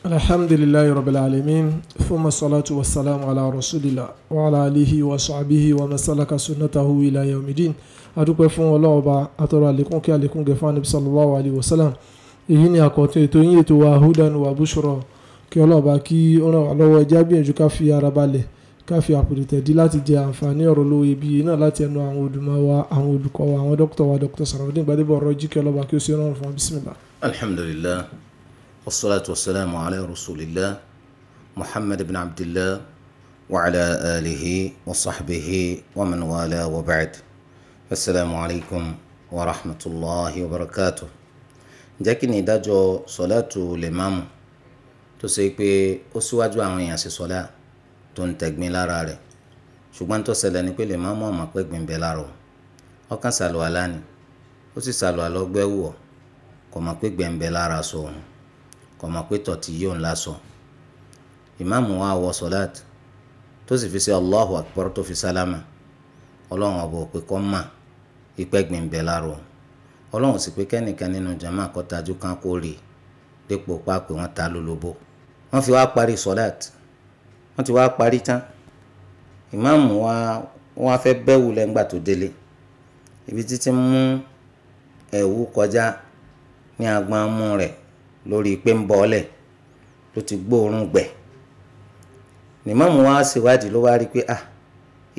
الحمد لله رب العالمين ثم الصلاة والسلام على رسول الله وعلى آله وصحبه ومن سلك سنته إلى يوم الدين adúpẹ́ fún Ọlọ́run Ọba atọrọ àlékún kí àlékún gẹ fún anabi sallallahu alayhi wa sallam èyí ni àkọ́tún ètò yín ètò wa hudan wa bushra kí Ọlọ́run Ọba kí ó ràn wá lọ́wọ́ ẹjẹ́ àgbìyànjú ká fi ara balẹ̀ ká fi àpòtẹ̀tẹ̀ dí láti jẹ àǹfààní ọ̀rọ̀ lówó iyebíye náà láti ẹnu àwọn olùmọ̀ wa àwọn olùkọ́ wa àwọn dókítà wa dókítà Sàràwọ́dún Gbadébọ̀ ọ̀rọ̀ jí kí Ọlọ́run Ọba kí ó ṣe rọrùn fún wa bismillah. alhamdulillah والصلاة والسلام على رسول الله محمد بن عبد الله وعلى آله وصحبه ومن والاه وبعد السلام عليكم ورحمة الله وبركاته جاكني داجو صلاة الإمام تسيكي أسواجو عن ياسي صلاة تنتجمي لاراري ṣùgbọ́n tó ṣẹlẹ̀ ni pé lè má mú ọmọ pé gbìnbẹ̀ láàrọ̀ ọkàn ṣàlùwà lánìí ó sì ṣàlùwà lọ́gbẹ́wò kò mọ̀ pé gbẹ̀ǹbẹ̀ lára sóun kò mọ̀ pé tọ̀tí yóò ńlá sọ ìmáàmù wa wọ sọláàt tó sì fi ṣe Allahu Akbar tó fi sálámà ọlọ́run ọ̀bọ̀ pé kọ́ mà ìpẹ́gbìn bẹ̀ lárò ọlọ́run sì pé kẹ́nìkan nínú jama kọ́ tajú kan kó rè dépò pápẹ́ wọn ta lólobó wọ́n fi wá parí sọláàt wọ́n ti wá parí tán ìmáàmù wa wọ́n á fẹ́ bẹ́wù lẹ́ngbà tó délé ibi títí mú ẹ̀wù kọjá ní agbọ́n mú rẹ̀ lórí pé ń bọ́ọ̀lẹ̀ ló ti gbóòórùn gbẹ̀ nìmọ̀mù wa ṣèwádìí ló wá rí pé ah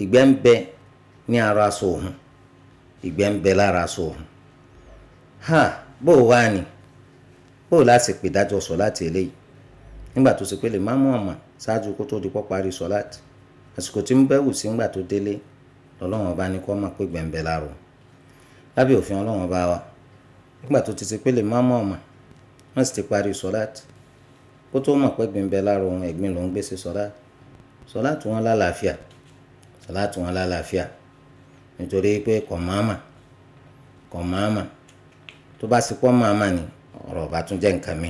ìgbẹ́ ń bẹ ní ara aṣọ òun ìgbẹ́ ń bẹ lára aṣọ òun ha bó o wá ni bó o láti pè dájọ́ sọ láti eléyìí nígbà tó ṣe pé lè má mú ṣáájú kó tó di pọ́ parí sọ láti àsìkò tí ń bẹ́wù sí ńgbà tó délé lọ́lọ́wọ́n bá ní kó mọ̀ pé gbẹ̀ǹbẹ̀ láàrọ̀ lábẹ́ òfin ọlọ́wọ́n bá wa nígbà tó ti ṣe pé lè má mú wọ́n sì ti parí sọ́láàtì kó tó mọ̀ pé gbìn bẹ lára ohun ẹ̀gbìn ló ń gbé sí sọ́láàtì sọ́láàtì wọn lálàáfíà sọ́láàtì wọn lálàáfíà nítorí pé kọ̀máàmà kọ̀máàmà tó bá sì pọ́ màmá ni ọ̀rọ̀ bá tún jẹ́ nǹkan mi.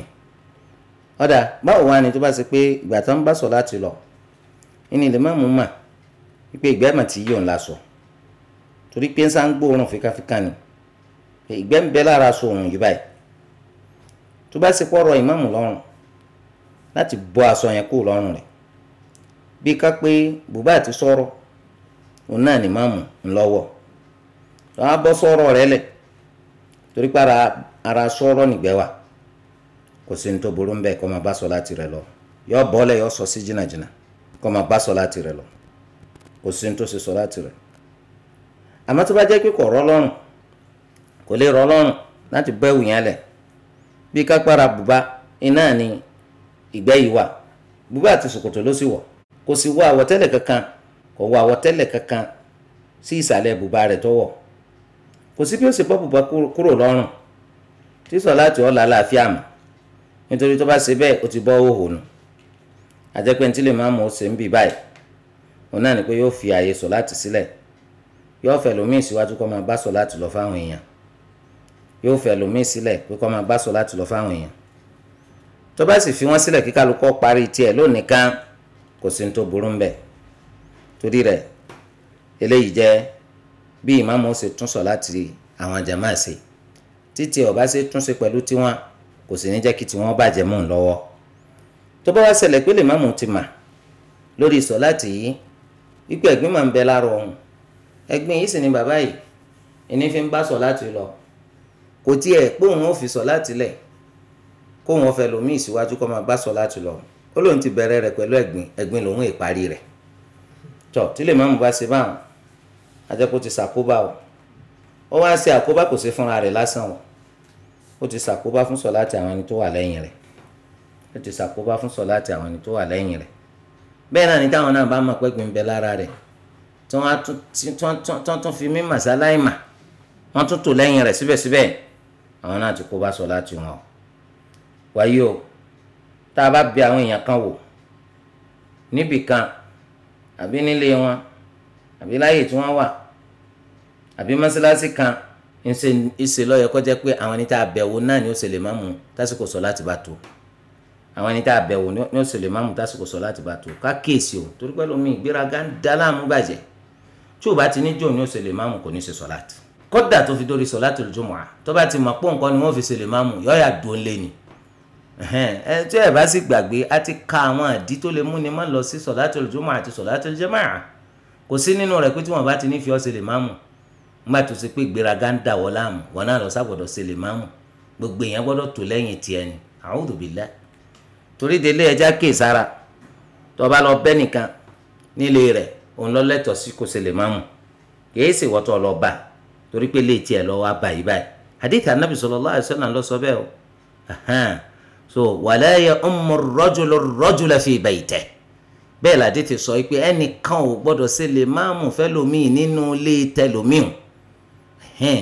ọ̀dà báwo wá ni tó bá sì pé ìgbà tó ń bá sọ́láàtì lọ ìní lè má mú mà wípé ìgbẹ́ mà ti yí òun la sọ torí pé ń sá ń gbóòórùn fíkàfíkà ni ìgbẹ́ ń bẹ lára sọ òun yìí báyìí tó bá ṣe pọ̀rọ̀ ìmáàmù lọ́rùn láti bọ́ aṣọ yẹn kó lọ́rùn rẹ̀ bí ká pé bùbá ti sọ̀rọ̀ òun náà ní ìmáàmù ńlọ́wọ́ bọ́ sọ̀rọ̀ rẹ̀ lẹ̀ ara ara sọ̀rọ̀ nìgbẹ́ wà kò sí ní tó burú bẹ́ẹ̀ kó máa sọ yọ bọ́lẹ̀ yọ sọ sí jìnnàjìnnà máa bá sọ láti lọ kò sí ní tó sọ láti àmọ́ tó bá jẹ́ pé kò lè bí kápára bùbá iná ni ìgbẹ́ yìí wà bùbá àti ṣòkòtò ló sì wọ̀ kò sì wọ àwọ̀tẹ́lẹ̀ kankan kò wọ àwọ̀tẹ́lẹ̀ kankan sí ìsàlẹ̀ bùbá rẹ̀ tó wọ̀ kò sí bí ó sì bọ́ bùbá kúrò lọ́rùn tí láti ọ̀la láàfíà mọ̀ nítorí tó bá ṣe bẹ́ẹ̀ ó ti bọ́ òhò nù àjẹpẹ́ ní tí máa mọ̀ ó ṣe ń bì fi yóò fẹ́ lómi sílẹ̀ pé kọ́ máa bá sọ láti lọ fáwọn èèyàn tó bá sì fi wọ́n sílẹ̀ kí kálukọ́ parí tiẹ̀ lónìí kan kò sí ní tó burú ń bẹ̀ torí rẹ̀ eléyìí jẹ́ bí ìmáàmù ó ṣe tún sọ láti àwọn jàmáà ṣe títí ọ̀bá ṣe túnṣe pẹ̀lú tiwọn kò sì ní jẹ́ kí tiwọn bàjẹ́ mọ́ ń lọ́wọ́ tó bá wá ṣẹlẹ̀ pé lè máàmù ti mà lórí sọ láti yìí ipò ẹ̀gbin máa ń bẹ lára òun ẹ̀gbin yìí sì ni bàbá yìí ìní fi ń bá sọ láti lọ kò tiẹ̀ pé òun ò fi sọ láti lẹ̀ kó òun ọ̀fẹ́ lomi ìsíwájú kó máa bá sọ láti lọ ó lóun ti bẹ̀rẹ̀ rẹ̀ pẹ̀lú ẹ̀gbin ẹ̀gbin lòun ìparí rẹ̀ tọ́ tí lè máàmù bá ṣe báwọn ajẹ́kó ti ṣàkóbá o ó wá ṣe àkóbá kò sí fúnra rẹ̀ lásán o ó ti ṣàkóbá fún sọláàtì àwọn ẹni tó wà lẹ́yìn rẹ̀ ó ti ṣàkóbá fún sọláàtì àwọn ẹni tó wà lẹ́yìn rẹ̀ bẹ́ẹ̀ náà ni táwọn náà bá mọ̀ pé bẹ lára rẹ̀ tí wọ́n tún fi mímọ̀ sáláìmà wọ́n tún tò lẹ́yìn rẹ̀ síbẹ̀síbẹ̀ àwọn náà ti kó bá sọ láti wọn o wáyé o tá a bá bi àwọn èèyàn kan wò níbì kan àbí nílé wọn àbí láyè tí wọ́n wà àbí mọ́sálásí kan ìṣe ló yẹ kó jẹ́ pé àwọn ẹni tá a bẹ̀wò náà ni ó ṣe lè má mú tásìkò sọ láti bá tó àwọn ẹni tá a bẹ̀wò ni ó ṣe lè má mú tásìkò sọ láti bá tó ká o torí pé lómi ìgbéraga ń dá láàmú bàjẹ́ tí ò bá ti ní jòun ni ó ṣe lè má mú kò ní ṣe sọ láti kódà tó fi dórí sọ̀látùl jumu'ah tó bá ti mọ̀ pọ̀ nǹkan ni wọ́n fi ṣe lè máa mú yọ̀ọ́yà dùn lé ni ẹ tí ẹ bá sì gbàgbé a ti ka àwọn àdí tó lè mú ni má lọ sí sọ̀látùl jumu'ah àti sọ̀látùl jama'ah kò sí nínú rẹ̀ pé tí wọ́n bá ti ní fi ọ́ ṣe lè máa mú nígbà tó ṣe pé ìgbéraga ń dà wọ́n láàmú wọn náà lọ ságbọ̀dọ̀ ṣe máa mú gbogbo èèyàn gbọ́dọ̀ tó lẹ́yìn tiẹ̀ ni a'udhu billah torí délé ẹja kéè sára tó bá lọ bẹ́ nìkan nílé rẹ̀ òun lọ lẹ́tọ̀ọ́ sí kò ṣe máa mú kì í ṣèwọ́tọ̀ bá torí pé lè tiẹ̀ lọ wá báyìí báyìí hadith anabi sallallahu alaihi wasallam ló sọ bẹ́ẹ̀ o so wala ya ummu rajulu rajula fi baytihi bẹ́ẹ̀ làdí ti sọ pé ẹnìkan ò gbọ́dọ̀ ṣe lè máàmù fẹ́lòmíì nínú ilé tẹlòmíì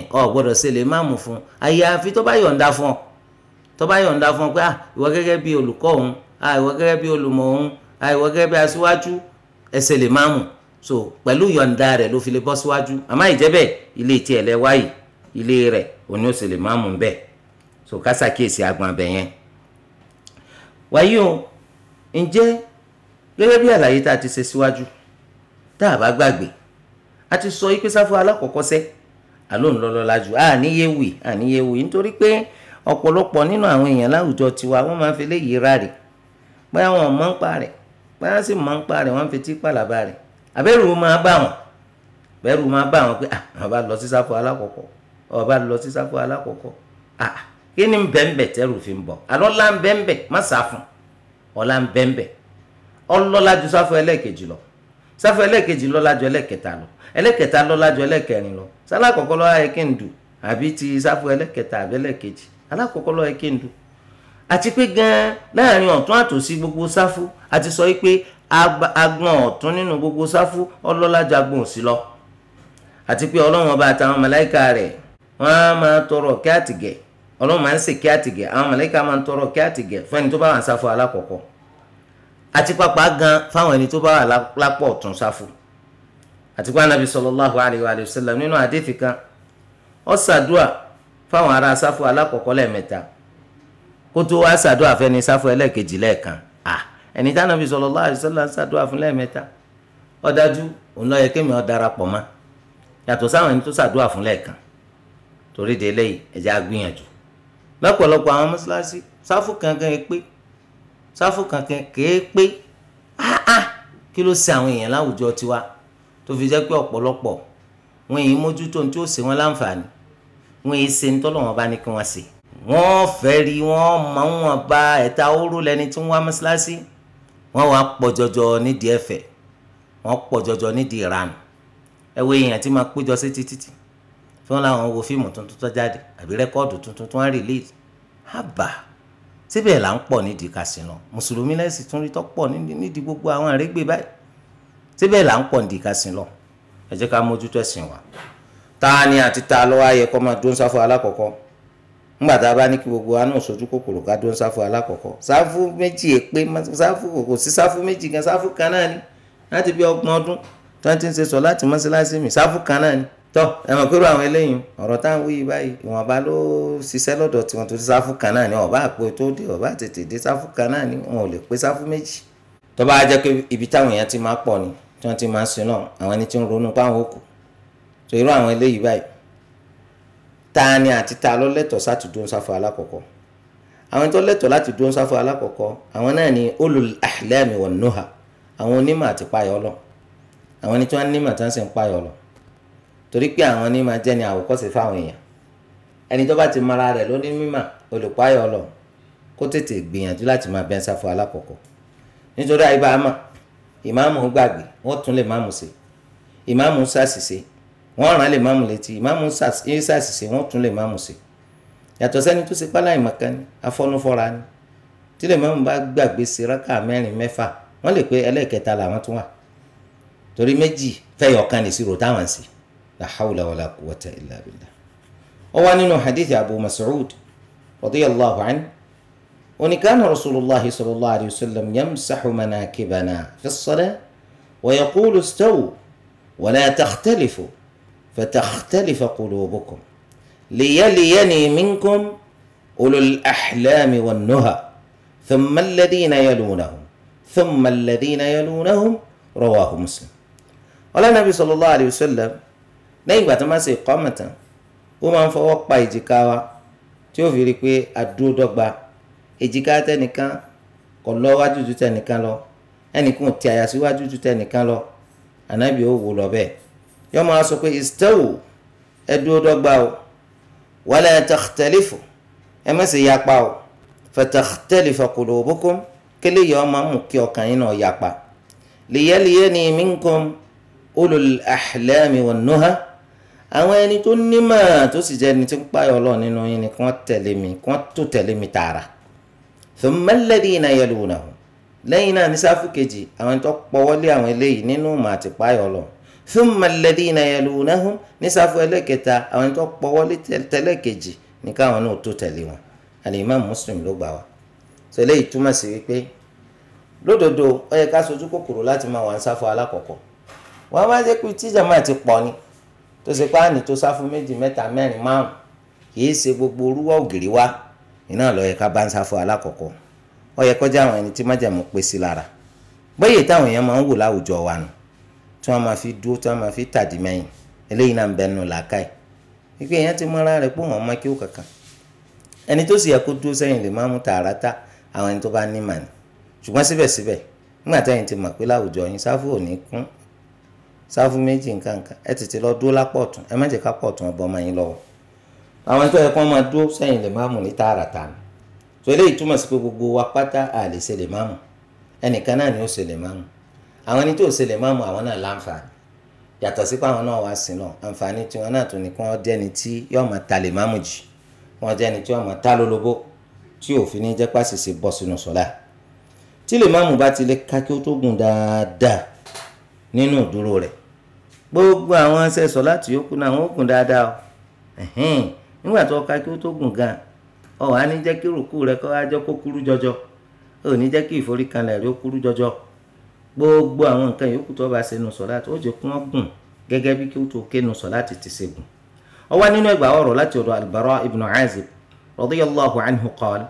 ọ gbọ́dọ̀ ṣe lè máàmù fún àyàfi tó bá yọ̀ǹda fún ọ tó bá yọ̀ǹda fún ọ pé ah, ìwọ gẹ́gẹ́ bí olùkọ́ òun ah, ìwọ gẹ́gẹ́ bí olùmọ̀ òun ah, ìwọ gẹ́gẹ́ bí aṣíwájú ẹ ṣe lè máàmù so pẹ̀lú yọ̀ǹda rẹ̀ ló fi lè bọ́ síwájú àmọ́ ìjẹ́bẹ̀ ilé tiẹ̀ lẹ wáyì ilé rẹ̀ òní ò sì lè má mú bẹ́ẹ̀ so kásá kíyèsí agbọn abẹ yẹn. wàyí o ǹjẹ́ gẹ́gẹ́ bí àlàyé tá a ti ṣe síwájú tá a bá gbàgbé a ti sọ yìí pé sáfù alákọ̀ọ́kọ́ sẹ́ àlóhùn lọ́lọ́lá jù a níye wì a níye wì nítorí pé ọ̀pọ̀lọpọ̀ nínú àwọn èèyàn láwùjọ tiwa wọ́n máa ń fi léyìí rà pé àwọn mọ̀ ń pa rẹ̀ pé wọ́n sì mọ̀ ń pa rẹ̀ wọ́n fi tí pàlàbà rẹ̀ abẹ́rù wo máa bá wọn abẹ́rù máa bá wọn pé àwọn ah, bá lọ sí sáfù alákọ̀ọ́kọ́ ọ̀ lọ sí sáfù alákọ̀ọ́kọ́ ah, kí ni bẹ́ẹ̀nbẹ́ tẹ́rù fi ń bọ̀ àlọ́ la ń bẹ́ẹ̀nbẹ́ má sáfùn ọ̀la ń bẹ́ẹ̀nbẹ́ ọlọ́lá ju sáfù ẹlẹ́ẹ̀kejì lọ sáfù ẹlẹ́ẹ̀kejì lọ́lá ju ẹlẹ́ẹ̀kẹta lọ ẹlẹ́ẹ̀kẹta lọ́lá ju ẹlẹ́ẹ̀kẹrin lọ sálákọ̀ọ́kọ́ lọ́wọ́ ayé kí n dù àbí ti sáfù ẹlẹ́ẹ̀kẹta àbí ẹlẹ́ẹ̀kejì alákọ̀ọ́kọ́ lọ́wọ́ ayé kí n dù àti pé gan-an láàrin ọ̀tún àtòsí gbogbo sáfù àti sọ wípé agbọn ọ̀tún nínú gbogbo sáfù ọlọ́lá jagbọn òsì lọ àti pé ọlọ́run ọba àtàwọn màláíkà rẹ̀ wọ́n á máa tọrọ kí àtìgẹ̀ ọlọ́run máa ń ṣe kí àtìgẹ̀ àwọn màláíkà máa ń tọrọ kí àtìgẹ̀ fún ẹni tó bá wà sáfù alákọ̀ọ́kọ́ àti pàpà gan fáwọn ẹni tó bá wà lápọ̀ ọ̀tún sáfù àti pé anabi sallallahu alayhi wa kó tó wá ṣàdúà fẹ́ni sáfù ẹlẹ́ẹ̀kejì lẹ́ẹ̀kan ẹni tí anabi sallallahu alaihi wasallam ń ṣàdúrà fún lẹ́ẹ̀mẹ́ta ó dájú òun ló yẹ kémi ó darapọ̀ mọ́ yàtọ̀ sáwọn ẹni tó ṣàdúrà fún lẹ́ẹ̀kan torí de eléyìí ẹ̀jẹ̀ á gbìyànjú lọ́pọ̀lọpọ̀ àwọn mọ́ṣáláṣí sáfù kankan pé sáfù kankan kèé pé áá kí ló ṣe àwọn èèyàn láwùjọ tiwa tó fi jẹ́ pé ọ̀pọ̀lọpọ̀ wọn èyí mójútó ní tí ó ṣe wọn láǹfààní wọn èyí ṣe ní tọ́lọ́wọ́n bá ní kí wọ́n ṣe wọ́n fẹ́ rí wọ́n máa ń wọ̀n ba ẹ̀ta oró lẹni tí wọ́n wá mọ́ṣáláṣí wọ́n wàá pọ̀ jọjọ nídìí ẹ̀fẹ̀ wọ́n pọ̀ jọjọ nídìí ìranù ẹ wo èèyàn tí máa péjọ sí títí tí wọ́n láwọn wo fíìmù tuntun tó jáde àbí rẹ́kọ́ọ̀dù tuntun tó ń rìlíìsì àbà síbẹ̀ là ń pọ̀ nídìí kàsínà mùsùlùmí lẹ́sìn tún rí tọ́pọ̀ nídìí gbogbo àwọn àrégbè báyìí síbẹ̀ là ń pọ̀ nídìí kàsínà ẹ jẹ́ ká mójútó ẹ̀sìn wa ta ni àti ta lọ́wọ́ ayẹ kọ́ máa dún sáfọ́ alákọ̀ọ́kọ́ ńgbà tá a bá ní kí gbogbo wa náà sojú kòkòrò ká dún sáfù alákọ̀ọ́kọ́ sáfù méjì èpè sáfù kòkò sí sáfù méjì gan sáfù kan náà ni láti bí ọgbọ̀n ọdún tí wọ́n ti ń ṣe sọ láti mọ́ṣáláṣí mi sáfù kan náà ni tọ́ ẹ̀mọ̀ kúrò àwọn eléyìí ọ̀rọ̀ táwọn wí báyìí ìwọ̀nba ló ṣiṣẹ́ lọ́dọ̀ tiwọn tó ti sáfù kan náà ni ọ̀bá àpò tó dé ọ̀bá tètè dé sáfù kan náà ni wọn ò lè pé sáfù méjì tani àti ta ló lẹ́tọ̀ọ́ sáti dúró sáfù alákọ̀ọ́kọ́ àwọn tó lẹ́tọ̀ọ́ láti dúró sáfù alákọ̀ọ́kọ́ àwọn náà ni ulul ahlami wan nuha àwọn onímọ̀ àti payọ̀ lọ àwọn ẹni tí wọ́n nímọ̀ tí wọ́n sì ń payọ̀ lọ torí pé àwọn onímọ̀ jẹ́ ni àwòkọ́ṣe fáwọn èèyàn ẹni tó bá ti mara rẹ̀ ló ní mímọ̀ olùpayọ̀ lọ kó tètè gbìyànjú láti máa bẹ́ sáfù alákọ̀ọ́kọ́ nítorí àyíbá àmà ìmáàmù gbàgbé wọ́n tún lè máàmù ṣe ìmáàmù ṣàṣìṣe wọ́n rán lè máàmù létí ìmáàmù ń ṣàṣìṣe wọ́n tún lè máàmù ṣe yàtọ̀ sẹ́ni tó ṣe pálá ìmọ̀kan ni afọ́nufọ́ra ni tí lè máàmù bá gbàgbé sí rákà mẹ́rin mẹ́fà wọ́n lè pé ẹlẹ́ẹ̀kẹta làwọn tún wà torí méjì fẹ́yọ̀ kan lè ṣírò táwọn sí la hawla wala quwwata illa billah. ó wá nínú hadith abu mas'ud radiyallahu anhu oni kana rasulullah sallallahu alayhi wa sallam yamsahu فتختلف قلوبكم ليليني منكم أولو الأحلام والنهى ثم الذين يلونهم ثم الذين يلونهم رواه مسلم قال النبي صلى الله عليه وسلم lẹ́yìn ìgbà tó máa ṣe ìkọ́mọ̀ tán ó máa ń fọwọ́ pa èjìká wa tí ó fi rí i pé àdúró dọ́gba èjìká tẹnìkan kò lọ wájú ju tẹnìkan lọ ẹnìkan ò ti àyà síwájú ju tẹnìkan lọ ànábì ó wò lọ bẹ́ẹ̀ yọ máa sọ pé istawu ẹ dúró dọ́gba o wala takhtalifu ẹ má ṣe yapa o fatakhtalifa qulubukum kele yọ máa mú kí ọkàn yín náà yapa liyaliyani minkum ulul ahlami wan nuha àwọn ẹni tó nímọ̀ tó sì jẹ́ ẹni tó ń payọ̀ lọ nínú yín ni kí wọ́n tẹ̀lé mi kí wọ́n tó tẹ̀lé mi tààrà thumma alladhina yalunahum lẹ́yìn náà ní sáfù kejì àwọn ẹni tó pọ̀wọ́lé àwọn eléyìí nínú màá ti payọ̀ lọ thumma alladhina yalunahum nísàfù ẹlẹ́kẹta àwọn ẹni tó pọ̀wọ́lé tẹ́lẹ̀kejì ní káwọn náà tó tẹ̀lé wọn alimami muslim ló gbà wá so eléyìí túmọ̀ sí wípé lódodo ó yẹ ká sojú kòkòrò láti máa wà ń sáfù alákọ̀ọ́kọ́ wọn bá jẹ́ pé tíjà máa ti pọ̀ ni tó ṣe páàní tó sáfù méjì mẹ́ta mẹ́rin márùn kìí ṣe gbogbo orúwọ́ ògiri wá iná lọ yẹ ká bá ń sáfù alákọ̀ọ́kọ́ ó yẹ kọjá àwọn ẹni tí májàmú pé sí lára bóyá táwọn èèyàn máa ń wò láwùjọ wa nù tí wọ́n máa fi dúró tí wọ́n máa fi tàdí mẹ́yìn eléyìí náà ń bẹ nù làákàyè wípé èèyàn ti mọ ara rẹ̀ pé wọ́n mọ kí ó kankan ẹni tó sì yẹ kó dúró sẹ́yìn lè máa mú tààràtà àwọn ẹni tó bá ní màní ṣùgbọ́n síbẹ̀síbẹ̀ nígbà tẹ́yìn ti mọ̀ pé láwùjọ yín sáfù ò ní kún sáfù méjì nkankan ẹ tètè lọ dúró lápọ̀ tún ẹ má jẹ́ ká pọ̀ tún ọmọ yín lọ́wọ́ àwọn tó yẹ kó máa dúró sẹ́yìn lè máa mú ní tààràtà ni tó eléyìí túmọ̀ sí pé gbogbo wa pátá àlè ṣe lè máa mú ẹnìkan náà ni ó ṣe lè máa mú àwọn ẹni tí ò ṣẹlẹ̀ máa mú àwọn náà láǹfààní yàtọ̀ sí pé àwọn náà wá sí náà àǹfààní tí wọn náà tún ní kí wọ́n jẹ́ni tí yóò máa ta lè máàmù jì wọ́n jẹ́ni tí yóò máa ta lólobó tí òfin ní jẹ́ pàṣẹṣe bọ́ sínú sọ́lá tí lè máàmù bá ti lè ka kí ó tó gùn dáadáa nínú ìdúró rẹ̀ gbogbo àwọn ẹsẹ̀ sọ́lá tí yókù náà wọ́n gùn dáadáa o nígbà tó ka kí ó tó gùn gan ọ̀ wá ní jẹ́ kí rùkú rẹ̀ kọ́ wá jẹ́ kó kúrú jọjọ ò ní jẹ́ kí ìforíkanlẹ̀ rẹ̀ ó kúrú jọjọ gbogbo àwọn nǹkan yòókù tó bá ṣe nu sọ̀láàtì ó jẹ́ kún ọgùn gẹ́gẹ́ bí kí ó tó ké nu sọ̀láàtì ti ṣe gùn. ó wá nínú ẹgbàá ọ̀rọ̀ láti ọ̀dọ̀ albara ibn azib radiyallahu anhu qaal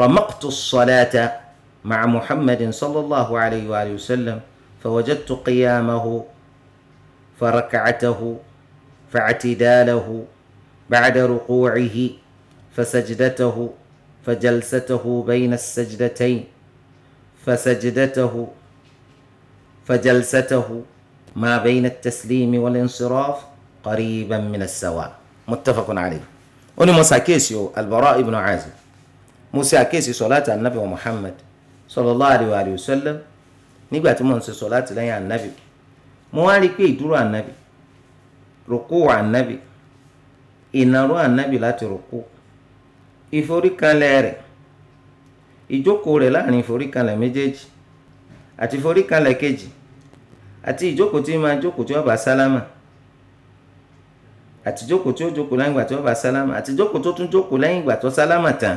ramaqtu sọ̀láàtà màá muhammadin sallallahu alayhi wa sallam fawajadtu qiyamahu farakacatahu factidalahu bacda ruquucihi fasajdatahu fajalsatahu bayna sajdatayn fasajdatahu فجلسته ما بين التسليم والانصراف قريبا من السواء متفق عليه أني موسى كيسيو البراء بن عازب موسى كيسي صلاة النبي ومحمد صلى الله عليه وآله وسلم nígbà tí mò ń ṣe sọláàtì lẹ́yìn ànábì mo wá rí i pé ìdúró ànábì rùkú ànábì ìnáró ànábì láti rùkú ìforíkalẹ̀ rẹ̀ ìjókòó rẹ̀ láàrin ìforíkalẹ̀ méjèèjì àti ìforíkalẹ̀ kejì àti ìjókòó tí máa jókòó tí ó bá sálámà àti jókòó tí ó jókòó lẹ́yìn ìgbà tí ó bá sálámà àti jókòó tó tún jókòó lẹ́yìn ìgbà tó sálámà tán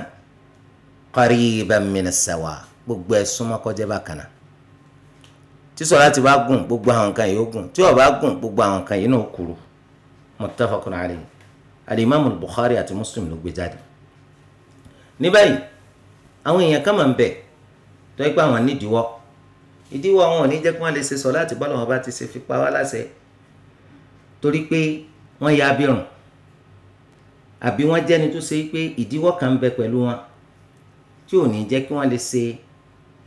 qariban minas sawa gbogbo ẹ̀ súnmọ́ kó jẹ́ bákan náà tí sọ̀láàtì bá gùn gbogbo àwọn nǹkan yìí ó gùn tí ó bá gùn gbogbo àwọn nǹkan yìí náà kúrú muttafaqun alayhi alimami Bukhari àti Muslim ló gbé jáde ní báyìí àwọn èèyàn kàn máa ń bẹ tó yẹ pé àwọn nídìíwọ́ ìdíwọ́ wọn ò ní jẹ́ kí wọ́n lè ṣe sọ láti bọ́ lọ́wọ́ bá ti ṣe fi pa wá láṣẹ torí pé wọ́n ya abirùn àbí wọ́n jẹ́ni tó ṣe pé ìdíwọ́ kan ń bẹ pẹ̀lú wọn tí ò ní jẹ́ kí wọ́n lè ṣe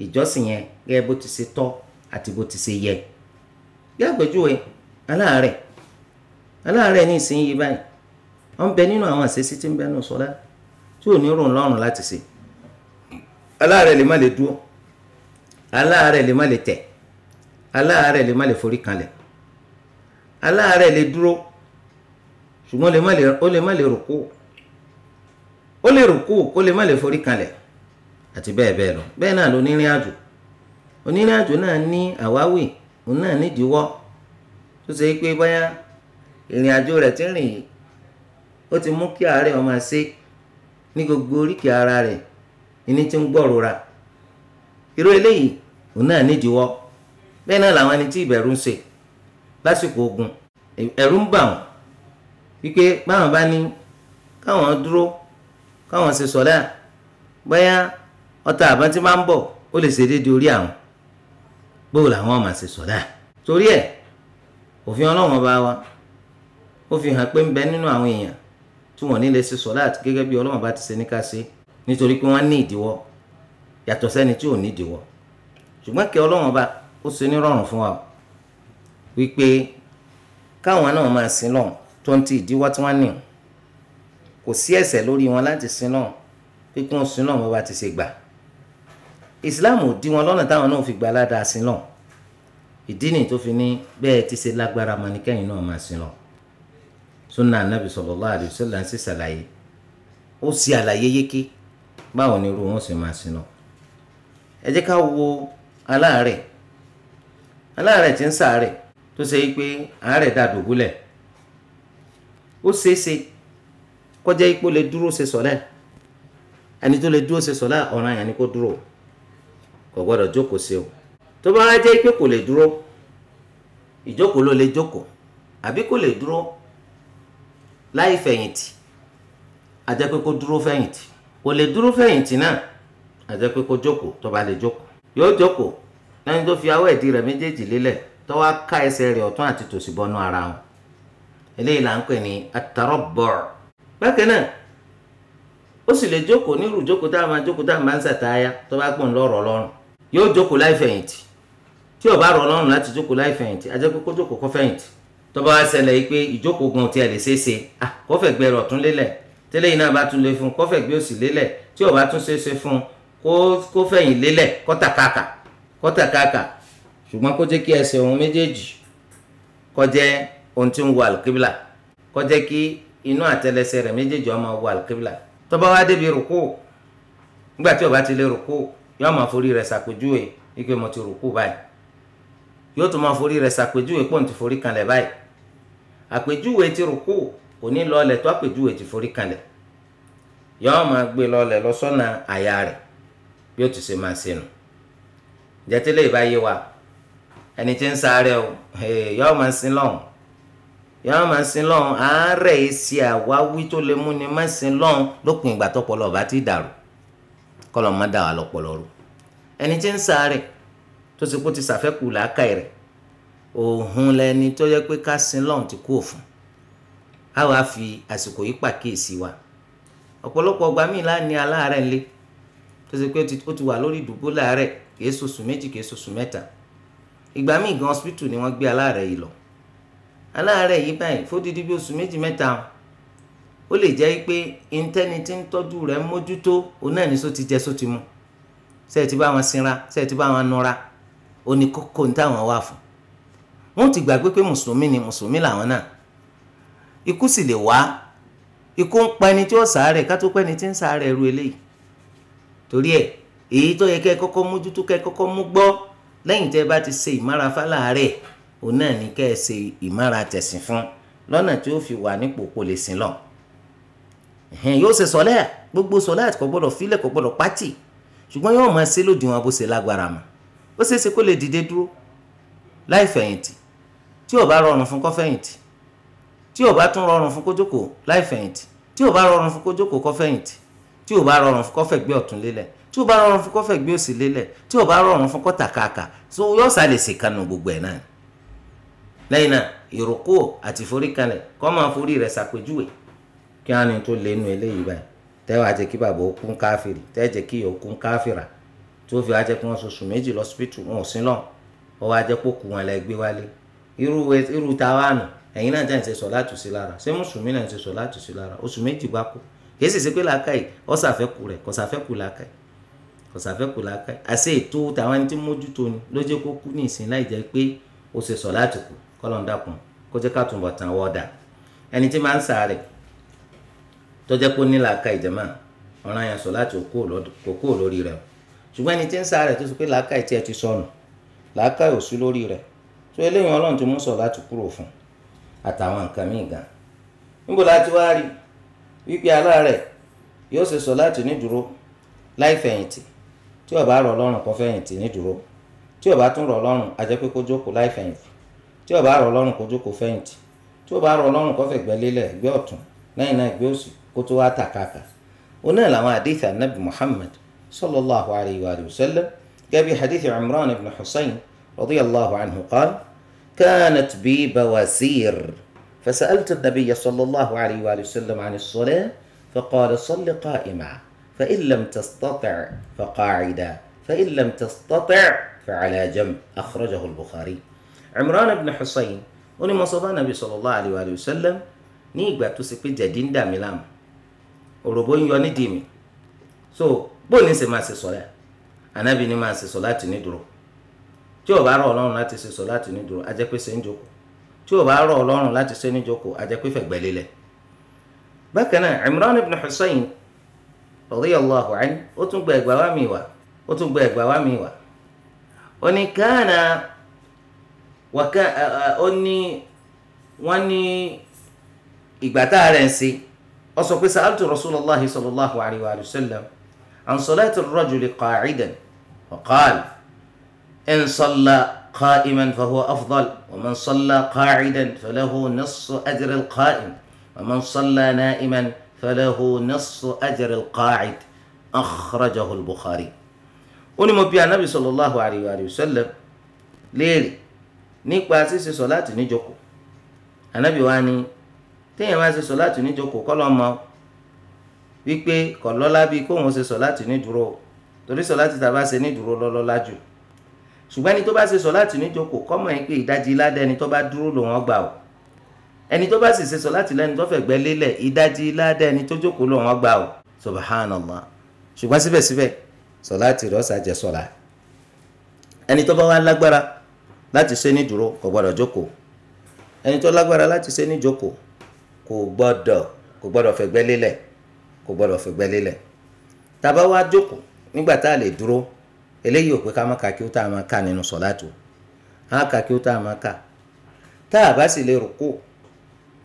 ìjọsìn yẹn gẹ́gẹ́ bó ti ṣe tọ́ àti bó ti ṣe yẹ. bí àpèjúwe aláàárẹ̀ aláàárẹ̀ ní ìsinyìí báyìí wọ́n ń bẹ nínú àwọn àṣeṣí tí ń bẹ nù sọ́lá tí ò ní rùn lọ́rùn láti ṣe aláàárẹ̀ lè má lè dúró aláàárẹ̀ lè má lè tẹ̀ aláàárẹ̀ lè má lè forí kanlẹ̀ aláàárẹ̀ lè dúró ṣùgbọ́n ó lè má lè rùkú ó lè rùkú ó lè má lè forí kanlẹ̀ àti bẹ́ẹ̀ bẹ́ẹ̀ lọ bẹ́ẹ̀ náà ló àjò onírìn àjò náà ní àwáwì òun náà nídìíwọ́ tó ṣe pé ti rìn yìí ó ti mú kí àárẹ̀ ọmọ ṣe ní gbogbo oríkèé ti ń irú eléyìí òun náà nídìíwọ́ bẹ́ẹ̀ náà làwọn ẹni tí ìbẹ̀rù ń ṣe lásìkò ogun ẹ̀rù ń bà wọ́n wípé báwọn bá ní káwọn dúró káwọn ṣe sọ̀dá bóyá ọta àbá tí máa ń bọ̀ ó lè ṣe déédéé orí àwọn bóò làwọn máa ṣe sọ̀dá torí ẹ̀ òfin ọlọ́wọ́n bá wa ó fi hàn pé ń bẹ nínú àwọn èèyàn tí wọ́n ní ṣe sọ̀dá gẹ́gẹ́ bí ọlọ́wọ́n bá ti ṣe ní ká ṣe nítorí pé wọ́n ní ìdíwọ́ yàtọ̀ sẹ́ni tí ò ní ìdíwọ́ ṣùgbọ́n kí ọlọ́run ọba ó ṣe ní rọrùn fún wa wípé káwọn náà máa sin lọ twenty ń ti ìdíwọ́ tí wọ́n ní kò sí ẹ̀ṣẹ̀ lórí wọn láti sin lọ pé kí wọ́n sin lọ wọn bá ti ṣe gbà islam ò dí wọn lọ́nà táwọn náà fi gbà ládàá sin lọ ìdí nìyí tó fi ní bẹ́ẹ̀ ti ṣe lágbára mọ́ nìkẹ́yìn náà máa sin lọ sunna anabi sallallahu alaihi wasallam ń ṣe ṣàlàyé ó ṣe àlàyé yéké báwo ni irú wọn sì máa sin lọ ẹ jẹ́ ká wo aláàárẹ̀ aláàárẹ̀ tí ń ṣàárẹ̀ tó ṣe pé àárẹ̀ dà dùbúlẹ̀ ó ṣeéṣe kọjá ipò lè dúró ṣe sọ̀lẹ̀ ẹni tó lè dúró ṣe sọ̀lẹ̀ ọ̀ràn yẹn ni dúró kò gbọ́dọ̀ jókòó ṣe o tó bá wá jẹ́ pé kò lè dúró ìjókòó ló lè jókòó àbí kò lè dúró láì fẹ̀yìntì àjẹ́ pé dúró fẹ̀yìntì kò lè dúró fẹ̀yìntì náà jókòó tó bá lè jókòó. yóò jókòó lẹ́yìn tó fi awọ ẹ̀dí rẹ̀ méjèèjì lélẹ̀ tó wá ká ẹsẹ̀ rẹ̀ ọ̀tún àti tòsì bọ́nú ara wọn eléyìí là ń pè ní atarọ́bọ̀r bákan náà ó sì lè jókòó nírú jókòó tá a máa jókòó tá a máa ń sàtáyà tó bá gbọ̀n lọ́rọ̀ lọ́rùn yóò jókòó láì fẹ̀yìntì tí ò bá rọ̀ lọ́rùn láti jókòó láì fẹ̀yìntì ajẹ́ pé kó jókòó kó fẹ̀yìntì tó bá wá ṣẹlẹ̀ yìí pé ìjókòó gan tiẹ̀ lè ṣeéṣe à kó fẹ̀gbẹ́ rẹ̀ ọ̀tún lélẹ̀ tẹ́lẹ̀ yìí náà bá tún lè fún kó fẹ̀gbẹ́ òsì lélẹ̀ tí ò bá tún ṣeéṣe fún kó fẹ̀yìn lélẹ̀ kọ́tàkàkà kọ́tàkàkà ṣùgbọ́n kó jẹ́ kí ẹsẹ̀ òun méjèèjì kó jẹ́ ohun tí ń wo àlùkíbìlà kó jẹ́ kí inú àtẹlẹsẹ̀ rẹ̀ méjèèjì ó máa wo àlùkíbìlà tó bá wá débi rùkú nígbà tí ó bá ti lè rùkú yóò máa forí rẹ̀ ṣàpèjúwe wípé mo ti rùkú báyìí yóò tún máa forí rẹ̀ ṣàpèjúwe pé òun ti forí kanlẹ̀ báyìí àpèjúwe ti rùkú kò ní lọ́ọ̀lẹ̀ tó àpèjúwe ti forí kanlẹ̀ yóò máa gbé lọ́ọ̀lẹ̀ lọ sọ́nà àyà rẹ̀ bí ó ti ṣe máa ṣe nù jẹtẹlẹ ìbáyé wa ẹni tí ń sáré o yọọ máa sin lọ́hùn yọọ máa sin lọ́hùn àárẹ̀ èsì àwáwí tó lè mú ni máa sin lọ́hùn lópin ìgbà tọpọlọ bá ti dàrú kọlọ má dà wà lọpọlọ rú ẹni tí ń sáré tó ti kó ti sàfẹ́kù làákàyè rẹ̀ òhun lẹni tó yẹ pé ká sin lọ́hùn ti kú òfun a wàá fi àsìkò yìí pàkíyèsí wa ọ̀pọ̀lọpọ̀ ọgbà míì lá aláàárẹ̀ ńlẹ́ tó ṣe pé ó ti wà lórí ìdúgbò láàárẹ̀ kìí ṣoṣù méjì kìí ṣoṣù mẹ́ta ìgbà míì gan hospital ni wọ́n gbé aláàárẹ̀ yìí lọ aláàárẹ̀ yìí báyìí fódìdí bí oṣù méjì mẹ́ta ó lè jẹ́ pé intẹ́ni tí ń tọ́jú rẹ̀ ń mójútó òun náà ní só ti jẹ só ti mu sẹ́ẹ̀ bá wọn sinra sẹ́ẹ̀ bá wọn nura ó ní kókó ní táwọn wà fún wọn ti gbàgbé pé mùsùlùmí ni mùsùlùmí làwọn náà ikú sì lè wá ikú ń pa tí ó sàárẹ̀ ká tó pẹ́ tí ń sàárẹ̀ ru eléyìí torí ẹ̀ èyí tó yẹ kẹ́ kọ́kọ́ mójútó kẹ́ kọ́kọ́ mú gbọ́ lẹ́yìn tẹ́ bá ti ṣe ìmára fáláàárẹ̀ òun náà ní kẹ́ ẹ ṣe ìmára tẹ̀sìn fún lọ́nà tí ó fi wà nípò kò lè sìn lọ. yóò ṣe sọlẹ́ gbogbo sọlẹ́ àti kò gbọ́dọ̀ filẹ̀ kò gbọ́dọ̀ pátì ṣùgbọ́n yóò máa ṣe lòdìwọ̀n bó ṣe lágbára mọ́ ó ṣeé ṣe kó lè dìde dúró láì fẹ̀yìntì tí ò bá rọrùn fún kó fẹ̀yìntì tí ò bá tún rọrùn fún kó jókòó láì fẹ̀yìntì tí ò bá rọrùn fún kó jókòó kó tí ò bá rọrùn kó fẹ̀gbẹ́ ọ̀tún lélẹ̀ tí ò bá rọrùn fún kó fẹ̀gbẹ́ òsì lélẹ̀ tí ò bá rọrùn fún kó tàkàkà so yóò sá lè ṣèkànnù gbogbo ẹ̀ náà lẹ́yìn náà ìrókò àti foríkalẹ̀ kó máa forí rẹ̀ ṣàpèjúwe kí á ní tó lẹ́nu eléyìí báyìí tẹ́wọ́ àjẹ́ kí bàbá òkun káfìrì tẹ́jẹ́ kí òkun káfìrà tó fi wájẹ́ pé wọ́n sọ sùn méjì lọ́sípítù wọn ò sí lọ ọ wájẹ́ pé òkú wọn lẹ gbé wálé irú ta wà náà jẹ́ ń ṣe sọ láti lára ṣé mùsùlùmí náà ń ṣe sọ láti lára oṣù méjì bá kú kìí sì sí pé làákàyè ọ̀sàfẹ́kù rẹ̀ kọ̀sàfẹ́kù làákàyè kọ̀sàfẹ́kù làákàyè àṣẹ ètò tàwọn ẹni tí mójútó ni ló jẹ́ kó kú ní ìsìn láì jẹ́ pé ó ṣe sọ̀ láti kù kọ́lọ̀ ń dàkùn kó jẹ́ ká túnbọ̀ tàn wọ́ ọ̀dà ẹni tí máa ń sàárẹ̀ tó jẹ́ kó ní làákàyè jẹ̀mọ́ ọ̀ràn yẹn sọ̀ láti kókó lórí rẹ̀ ṣùgbọ́n ẹni tí ń sàárẹ̀ tó sọ pé ti sọnù làákàyè ò i wípé aláàárẹ̀ yóò ṣe sọ̀láàtì nídúró láì fẹ̀yìntì tí ó bá rọ̀ lọ́rùn kó fẹ̀yìntì nídúró tí ó bá tún rọ̀ lọ́rùn á jẹ́ pé kó jókòó láì fẹ̀yìntì tí ó bá rọ̀ lọ́rùn kó jókòó fẹ̀yìntì tí ó bá rọ̀ lọ́rùn kó fẹ̀gbẹ́ lélẹ̀ ẹ̀gbẹ́ ọ̀tún lẹ́yìn náà ẹ̀gbẹ́ òsì kó tó wá tàkàkà oní làwọn hadith anabi muhammad sallallahu alayhi wa sallam gẹ́bí hadith imran ibn husayn radiyallahu anhu qala kanat bi bawasir. فسألت النبي صلى الله عليه وآله وسلم عن الصلاة فقال صل قائما فإن لم تستطع فقاعدا فإن لم تستطع فعلى جنب أخرجه البخاري عمران بن حسين وني مصطفى النبي صلى الله عليه وآله وسلم نيك باتو سيبي جادين دا ميلام وربون يوني ديمي سو بوني سي ماسي صلاة أنا بني ماسي صلاة ندرو جو بارو لون ناتي سي صلاة ندرو أجاكو سينجوكو tí ò bá rọ̀ ọlọ́run láti ṣe níjókòó àjẹpẹ́fẹ́ gbẹ́lélẹ̀ bákan náà Imran ibn Hussein radiyallahu anhu ó tún gba ẹgbàá wá mi wá ó tún gba ẹgbàá wá mi wá ó ní káànà wàká ó ní wọ́n ní ìgbà tá a rẹ̀ ń ṣe ó sọ pé sa'altu rasulallahi sallallahu alayhi wa sallam an rajuli qa'idan wa qala in salla. قائما فهو أفضل ومن صلى قاعدا فله نص أجر القائم ومن صلى نائما فله نص أجر القاعد أخرجه البخاري onímọ̀ bíi anabi sallallahu alayhi wa sallam léèrè nípa ṣíṣe sọláàtì níjòkó anabi wa ni téèyàn máa ṣe sọláàtì níjòkó kọ́lọ́ mọ́ wípé kọ̀lọ́lá bíi kóun ṣe sọláàtì nídúró torí sọláàtì tàbá ṣe nídúró lọ́lọ́lá jù ṣùgbọ́n ẹni tó bá ṣe sọ̀láàtì níjókòó kọ́mọ̀ yín pé ìdajì ládá ẹni tó bá dúró lòun ọgbà o ẹni tó bá sì ṣe sọ̀láàtì lẹ́ni tó fẹ̀gbẹ́ lélẹ̀ ìdajì ládá ẹni tó jókòó lòun ọgbà o subhanallah ṣùgbọ́n síbẹ̀síbẹ̀ sọ̀láàtì rẹ̀ ọ̀sà jẹ́ sọ̀lá ẹni tó bá wá lágbára láti ṣe ní dúró kò gbọ́dọ̀ jókòó ẹni tó lágbára láti ṣe ní jókòó kò gbọ́dọ̀ kò gbọ́dọ̀ fẹ̀gbẹ́ lélẹ̀ kò gbọ́dọ̀ fẹ̀gbẹ́ lélẹ̀ tá wá jókòó nígbà tá a lè dúró eléyìí ò pé ká má ka kí ó tá a máa ka nínú sọ̀láàtù á ka kí ó tá a máa ka tá a bá sì lè rúkú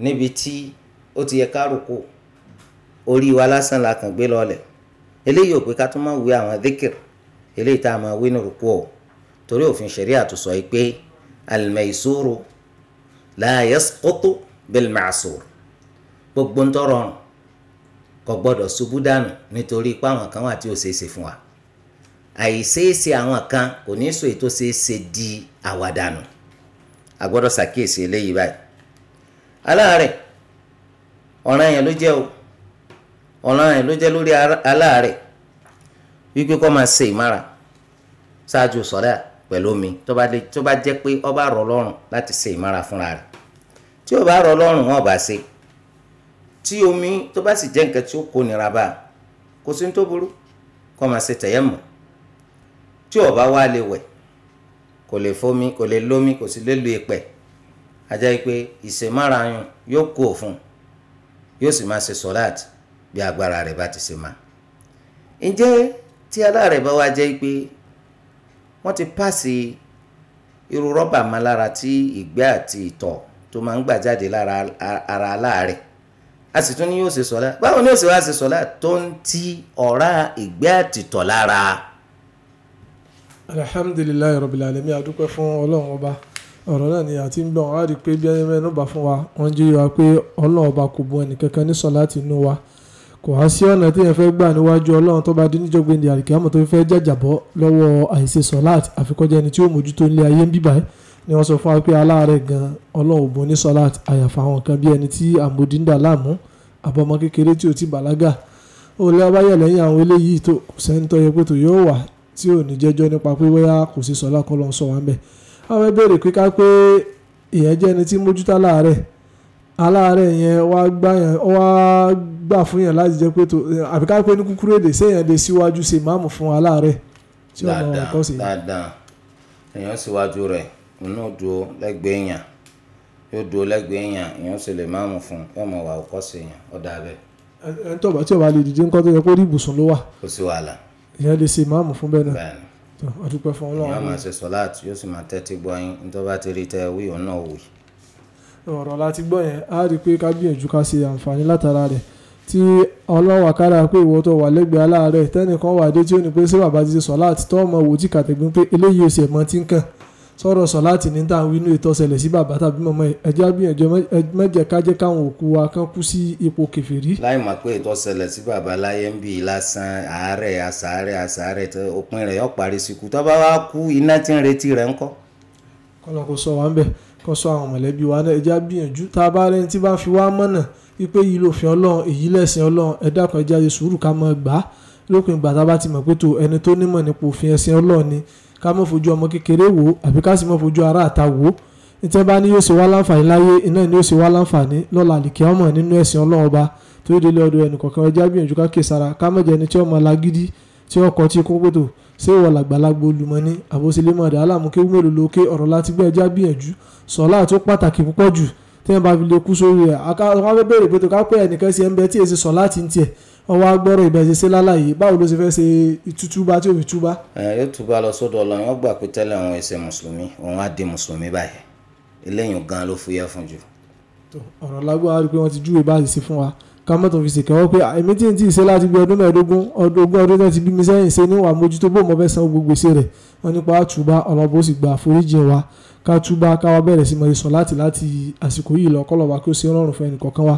níbi tí ó ti yẹ ká rúkú orí wa lásán la kàn gbé lọ́lẹ̀ eléyìí ò pé ká tún máa wí àwọn díkìr eléyìí tá a máa wí ní rúkú o torí òfin ṣẹ̀ríà tó yìí pé al-maysuru la yasqutu bil-ma'sur gbogbo ń tọrọ kò gbọdọ̀ ṣubú dànù nítorí pé àwọn kan wà tí ò ṣeé ṣe fún wa àìṣeéṣe àwọn kan kò ní sọ ètò ṣeéṣe di àwàdànù a gbọ́dọ̀ ṣàkíyèsí eléyìí báyìí aláàárẹ̀ ọ̀ràn yẹn ló jẹ́ o ọ̀ràn yẹn ló jẹ́ lórí aláàárẹ̀ wípé kó máa ṣe ìmára ṣáájú sọ́dà pẹ̀lú omi tó bá jẹ́ pé ó bá rọ̀ lọ́rùn láti ṣe ìmára fúnra rẹ̀ tí ó bá rọ̀ lọ́rùn wọn ò bá ṣe tí omi tó bá sì jẹ́ nǹkan tí ó kó nira bá kò sí ní tó burú kó máa ṣe tẹ̀yẹ̀mọ̀ tí ó wa wá lè wẹ̀ kò lè fomi kò lè lómi kò sì lè lu ìpẹ̀ ajá yìí pé ìṣèmárayùn yóò kó òfun yóò sì máa ṣe sọ́láàtì bí agbára rẹ̀ bá ti ṣe máa. ǹjẹ́ tí aláàrẹ̀ bá wá jẹ́ pé wọ́n ti pàṣẹ irú rọ́bà máa tí ìgbẹ́ àti ìtọ̀ tó máa ń gbà jáde lára ara aláàrẹ̀ a sì tún ní yóò ṣe sọ́láàtì báwo ni yóò ṣe wá ṣe sọ́láàtì tó ń ti ọ̀rá ìgbẹ́ àti ìtọ̀ lára alhamdulilayi rabil alamin adúpẹ́ fún Ọlọ́run ọba ọ̀rọ̀ náà ni àti ń gbọ́n a rí i pé bí ẹni mẹ́nu bá fún wa wọ́n jẹ́ wa pé Ọlọ́run ọba kò bu ẹnìkankan ní sọ láti inú wa kò wá sí ọ̀nà tí yẹn fẹ́ gbà níwájú Ọlọ́run tó bá dín níjọ́gbé ní àríkàmọ̀ tó fẹ́ jàjàbọ́ lọ́wọ́ àìsè sọ́láàt àfikọ́jẹ́ ẹni tí ó mójútó ilé ayé ń bíbáyé ni wọ́n sọ fún wa pé aláàárẹ̀ gan Ọlọ́run òbò ní sọ́láàt àyàfà àwọn kan bí ẹni tí àmọ̀díńdà láàmú àbọ̀mọ kékeré tí ò ti bàlágà ó lé abáyẹ̀ lẹ́yìn àwọn eléyìí tó sẹ́ńtọ́ yẹ pé tó yóò wà tí ò ní jẹ́jọ́ nípa pé bóyá kò sí sọlá kọ́ ló ń sọ wọn bẹ́ẹ̀ àwọn ẹgbẹ́rẹ́ pé ká pé ìyẹn jẹ́ ẹni tí mójútó aláàárẹ̀ aláàárẹ̀ yẹn wá gbà yẹn wá gbà fún yẹn láti jẹ́ pé tó àbí ká pé ní kúkúrú èdè séèyàn lè síwájú ṣe máàmù fún aláàárẹ̀ tí ọmọ wọn kọ́ sí. dáadáa èèyàn síwájú rẹ̀ inú dúró lẹ́gbẹ̀ẹ́ yàn yóò dúró lẹ́gbẹ̀ẹ́ yàn èèyàn sì lè máàmù fún yóò mọ̀ wà sí yàn ó dáa bẹ́ẹ̀. ẹ ẹ tọ́ba tí ọba lè dìde ńkọ́ tó yẹ kó rí ibùsùn ló wà. kò sí wàhálà ìyẹn lè ṣe máàmù fún bẹ́ẹ̀ náà. bẹ́ẹ̀ni adúpẹ́ fún ọlọ́run. ìyá máa ṣe sọ́láàtì yóò sì máa tẹ́tí gbọ́ yín nítorí bá ti rí tẹ wí òun náà wì. ọ̀rọ̀ láti gbọ́ yẹn á rí i pé ká gbìyànjú ká ṣe àǹfààní látara rẹ̀ tí ọlọ́wà kára pé ìwọ tó wà lẹ́gbẹ̀ẹ́ aláàárẹ̀ tẹ́nìkan wà dé tí ó ní pé sí bàbá ti ṣe sọ́láàtì tó ọmọ wò tí kàtẹ́gbín pé eléyìí ò sọ̀rọ̀ sọ láti ní tàwọn inú ìtọ́sẹ̀lẹ̀ sí bàbá tàbí mọ̀mọ́ ẹ̀jẹ̀ àgbìyànjọ mẹ́jẹ̀ kájẹ́ káwọn òkú wa kan kú sí ipò kẹfìrí. láì mọ̀ pé ìtọ́sẹ̀lẹ̀ sí bàbá láyé ń bì lásán àárẹ̀ àsàárẹ̀ àsàárẹ̀ tó òpin rẹ̀ yóò parí síkú tó bá wá kú iná tí ń retí rẹ̀ ńkọ́. kọ́lọ́ kò sọ wá ń bẹ̀ kó sọ àwọn mọ̀lẹ́bí wa náà ẹ̀jẹ̀ àgbìyànjú tá a bá rẹ́ni tí bá fi wá mọ̀nà wípé yìí lòfin ọlọ́run èyí lẹ̀sìn ọlọ́run ẹ dákun ẹ̀jẹ̀ àyè sùúrù ká mọ̀ gbà lópin ìgbà tá a bá ti mọ̀ pé tó ẹni tó nímọ̀ nípa òfin ẹ̀sìn ọlọ́run ni ká mọ̀ fojú ọmọ kékeré wò ó àbí ká sì mọ̀ fojú ará àta wò ó bá ní yóò ṣe wá láǹfààní láyé iná ni yóò ṣe wá láǹfààní lọ́la àlìkí ọmọ nínú ẹ̀sìn ọlọ́run ọba tó yé délé ọdún ẹnìkọ̀ọ̀kan ẹja gbìyànjú ká kè sára ká mọ̀jẹ̀ ẹni tí ọmọ alágídí tí ọkọ̀ tí kún pòtò ṣé ìwọ làgbàlagbà olùmọ̀ni àbòsílẹ̀ mọ̀ọ́dẹ̀ aláàmúkẹ́ wúmẹ́lò lókè ọ̀rọ̀ láti gbé ẹja gbìyànjú sọ̀lá tó pàtàkì púpọ̀ jù tẹ́yìn bá fi lè kú sórí ẹ̀ ọwọ́ agbọ́rọ̀ ìbẹ̀rẹ̀ ṣe lálàyé báwo ló ṣe fẹ́ ṣe ìtútúbá tí ò fi túbá. ẹ yóò túbá lọ sọ́dọ̀ Ọlọ́run yóò gbà pé tẹ́lẹ̀ òun ẹsẹ mùsùlùmí òun á di mùsùlùmí báyìí eléyìí gan ló fúyẹ́ fún jù. ọ̀rọ̀ lágbára rí pé wọ́n ti júwe báyìí sí fún wa ká mọ̀ tó fi ṣèkẹ́ wọ́n pé èmi tí ń tí ì ṣe láti bí ọdún mẹ́ẹ̀ẹ́dógún ọdún ọdún tó ti bí mi sẹ́yìn ṣe níwà mójútó bó mo fẹ́ san gbogbo gbèsè rẹ̀ wọ́n nípa àtúbá ọlọ́ba ó sì gba àforíjì wa ká túbá ká wá bẹ̀rẹ̀ sí mọ̀ ìsọ̀ láti láti àsìkò yìí lọ kọ́lọ̀ wa kó ṣe rọrùn fún ẹnìkọ̀ọ̀kan wa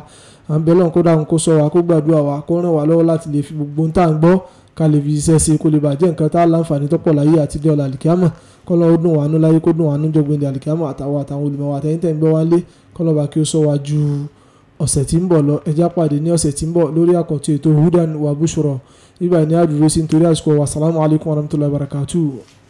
à ń bẹ Ọlọ́run kó dáhùn kó ṣọ́ wa kó gbàdúrà wa kó ràn wá lọ́wọ́ láti lè fi gbogbo ń tà ń gbọ́ ká lè fi iṣẹ́ ṣe kó lè bàjẹ́ nǹkan tá a láǹfààní tọ́pọ̀ láyé àti dé ọ̀la àlìkíámà kọ́lọ́ ó dùn wánú láyé kó dùn wánú jọgbìn àlìkíámà àtàwọn àtàwọn olùmọ̀wà àtẹ̀yìntẹ̀ ń gbọ́ wá lé kọ́lọ́ bá kí ó ṣọ́ wa ju ọ̀sẹ̀ tí ń bọ̀ lọ ẹjá pàdé ní ọ̀sẹ̀ tí ń bọ̀ lórí àkọ́tù ètò hudan wa nígbà ní àdúró sí nítorí àsìkò wa salamu alaykum wa rahmatulahi wa barakatuhu.